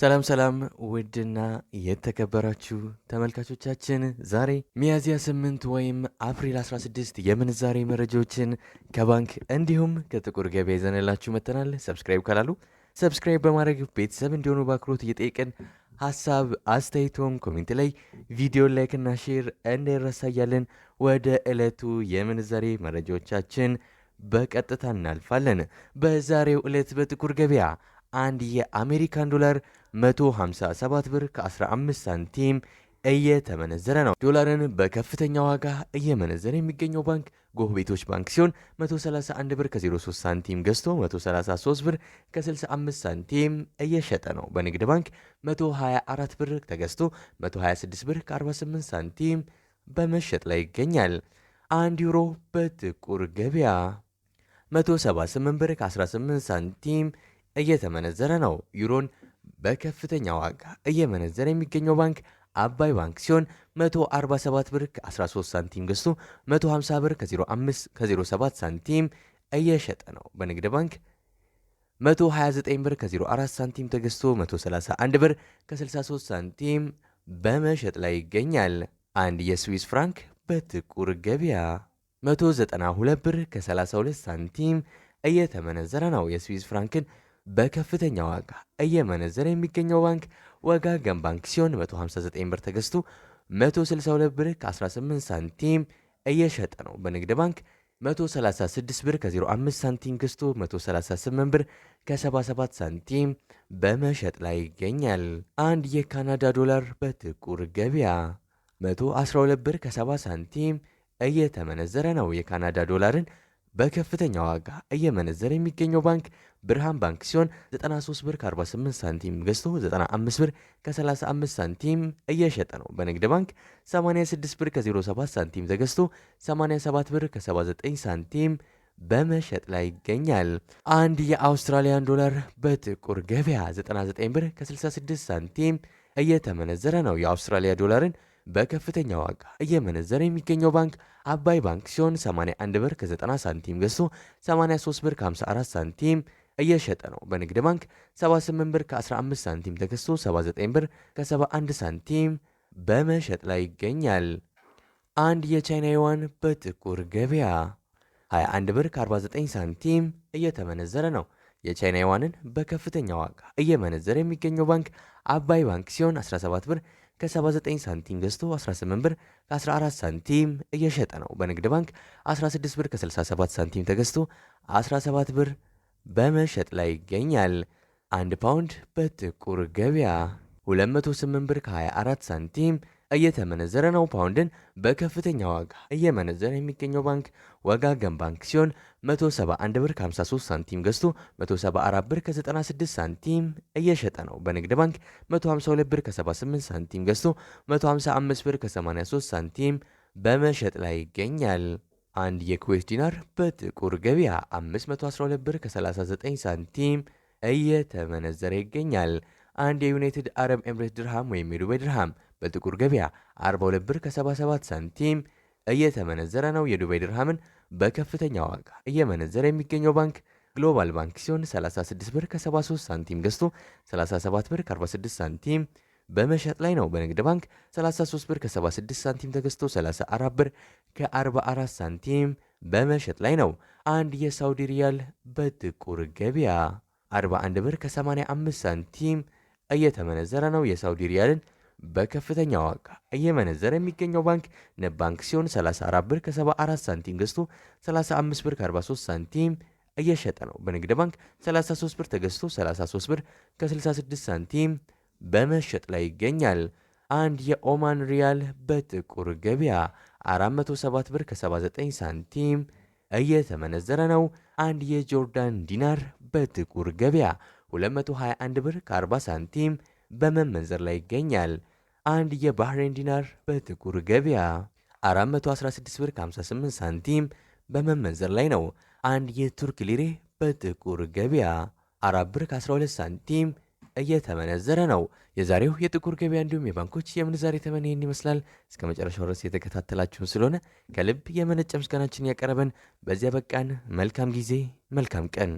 ሰላም ሰላም ውድና የተከበራችሁ ተመልካቾቻችን ዛሬ ሚያዝያ 8 ወይም አፕሪል 16 የምንዛሬ መረጃዎችን ከባንክ እንዲሁም ከጥቁር ገበያ ይዘንላችሁ መጥተናል። ሰብስክራይብ ካላሉ ሰብስክራይብ በማድረግ ቤተሰብ እንዲሆኑ በአክብሮት እየጠየቅን ሀሳብ አስተያየቶም ኮሜንት ላይ ቪዲዮ ላይክና ሼር እንዳይረሳ እያልን ወደ ዕለቱ የምንዛሬ መረጃዎቻችን በቀጥታ እናልፋለን። በዛሬው ዕለት በጥቁር ገበያ አንድ የአሜሪካን ዶላር 157 ብር ከ15 ሳንቲም እየተመነዘረ ነው። ዶላርን በከፍተኛ ዋጋ እየመነዘረ የሚገኘው ባንክ ጎህ ቤቶች ባንክ ሲሆን 131 ብር ከ03 ሳንቲም ገዝቶ 133 ብር ከ65 ሳንቲም እየሸጠ ነው። በንግድ ባንክ 124 ብር ተገዝቶ 126 ብር ከ48 ሳንቲም በመሸጥ ላይ ይገኛል። አንድ ዩሮ በጥቁር ገበያ 178 ብር ከ18 ሳንቲም እየተመነዘረ ነው። ዩሮን በከፍተኛ ዋጋ እየመነዘረ የሚገኘው ባንክ አባይ ባንክ ሲሆን 147 ብር ከ13 ሳንቲም ገዝቶ 150 ብር ከ05 ከ07 ሳንቲም እየሸጠ ነው። በንግድ ባንክ 129 ብር ከ04 ሳንቲም ተገዝቶ 131 ብር ከ63 ሳንቲም በመሸጥ ላይ ይገኛል። አንድ የስዊስ ፍራንክ በጥቁር ገበያ 192 ብር ከ32 ሳንቲም እየተመነዘረ ነው። የስዊስ ፍራንክን በከፍተኛ ዋጋ እየመነዘረ የሚገኘው ባንክ ወጋገን ባንክ ሲሆን 159 ብር ተገዝቶ 162 ብር ከ18 ሳንቲም እየሸጠ ነው። በንግድ ባንክ 136 ብር ከ05 ሳንቲም ገዝቶ 138 ብር ከ77 ሳንቲም በመሸጥ ላይ ይገኛል። አንድ የካናዳ ዶላር በጥቁር ገበያ 112 ብር ከ70 ሳንቲም እየተመነዘረ ነው። የካናዳ ዶላርን በከፍተኛ ዋጋ እየመነዘረ የሚገኘው ባንክ ብርሃን ባንክ ሲሆን 93 ብር ከ48 ሳንቲም ገዝቶ 95 ብር ከ35 ሳንቲም እየሸጠ ነው። በንግድ ባንክ 86 ብር ከ07 ሳንቲም ተገዝቶ 87 ብር ከ79 ሳንቲም በመሸጥ ላይ ይገኛል። አንድ የአውስትራሊያን ዶላር በጥቁር ገበያ 99 ብር ከ66 ሳንቲም እየተመነዘረ ነው። የአውስትራሊያ ዶላርን በከፍተኛ ዋጋ እየመነዘረ የሚገኘው ባንክ አባይ ባንክ ሲሆን 81 ብር ከ90 ሳንቲም ገዝቶ 83 ብር ከ54 ሳንቲም እየሸጠ ነው። በንግድ ባንክ 78 ብር ከ15 ሳንቲም ተገዝቶ 79 ብር ከ71 ሳንቲም በመሸጥ ላይ ይገኛል። አንድ የቻይና ዩዋን በጥቁር ገበያ 21 ብር ከ49 ሳንቲም እየተመነዘረ ነው። የቻይና ዩዋንን በከፍተኛ ዋጋ እየመነዘረ የሚገኘው ባንክ አባይ ባንክ ሲሆን 17 ብር ከ79 ሳንቲም ገዝቶ 18 ብር ከ14 ሳንቲም እየሸጠ ነው። በንግድ ባንክ 16 ብር ከ67 ሳንቲም ተገዝቶ 17 ብር በመሸጥ ላይ ይገኛል። አንድ ፓውንድ በጥቁር ገበያ 208 ብር ከ24 ሳንቲም እየተመነዘረ ነው። ፓውንድን በከፍተኛ ዋጋ እየመነዘረ የሚገኘው ባንክ ወጋገን ባንክ ሲሆን 171 ብር 53 ሳንቲም ገዝቶ 174 ብር ከ96 ሳንቲም እየሸጠ ነው። በንግድ ባንክ 152 ብር ከ78 ሳንቲም ገዝቶ 155 ብር ከ83 ሳንቲም በመሸጥ ላይ ይገኛል። አንድ የኩዌት ዲናር በጥቁር ገበያ 512 ብር ከ39 ሳንቲም እየተመነዘረ ይገኛል። አንድ የዩናይትድ አረብ ኤምሬት ድርሃም ወይም የዱባይ ድርሃም በጥቁር ገበያ 42 ብር ከ77 ሳንቲም እየተመነዘረ ነው። የዱባይ ድርሃምን በከፍተኛ ዋጋ እየመነዘረ የሚገኘው ባንክ ግሎባል ባንክ ሲሆን 36 ብር ከ73 ሳንቲም ገዝቶ 37 ብር ከ46 ሳንቲም በመሸጥ ላይ ነው። በንግድ ባንክ 33 ብር ከ76 ሳንቲም ተገዝቶ 34 ብር ከ44 ሳንቲም በመሸጥ ላይ ነው። አንድ የሳውዲ ሪያል በጥቁር ገበያ 41 ብር ከ85 ሳንቲም እየተመነዘረ ነው። የሳውዲ ሪያልን በከፍተኛ ዋጋ እየመነዘረ የሚገኘው ባንክ ንብ ባንክ ሲሆን 34 ብር ከ74 ሳንቲም ገዝቶ 35 ብር ከ43 ሳንቲም እየሸጠ ነው። በንግድ ባንክ 33 ብር ተገዝቶ 33 ብር ከ66 ሳንቲም በመሸጥ ላይ ይገኛል። አንድ የኦማን ሪያል በጥቁር ገበያ 407 ብር ከ79 ሳንቲም እየተመነዘረ ነው። አንድ የጆርዳን ዲናር በጥቁር ገበያ 221 ብር ከ40 ሳንቲም በመመንዘር ላይ ይገኛል። አንድ የባህሬን ዲናር በጥቁር ገበያ 416 ብር ከ58 ሳንቲም በመመንዘር ላይ ነው። አንድ የቱርክ ሊሬ በጥቁር ገበያ 4 ብር ከ12 ሳንቲም እየተመነዘረ ነው። የዛሬው የጥቁር ገበያ እንዲሁም የባንኮች የምንዛሬ ተመን ይህን ይመስላል። እስከ መጨረሻው ድረስ የተከታተላችሁን ስለሆነ ከልብ የመነጨ ምስጋናችን ያቀረበን በዚያ በቃን። መልካም ጊዜ፣ መልካም ቀን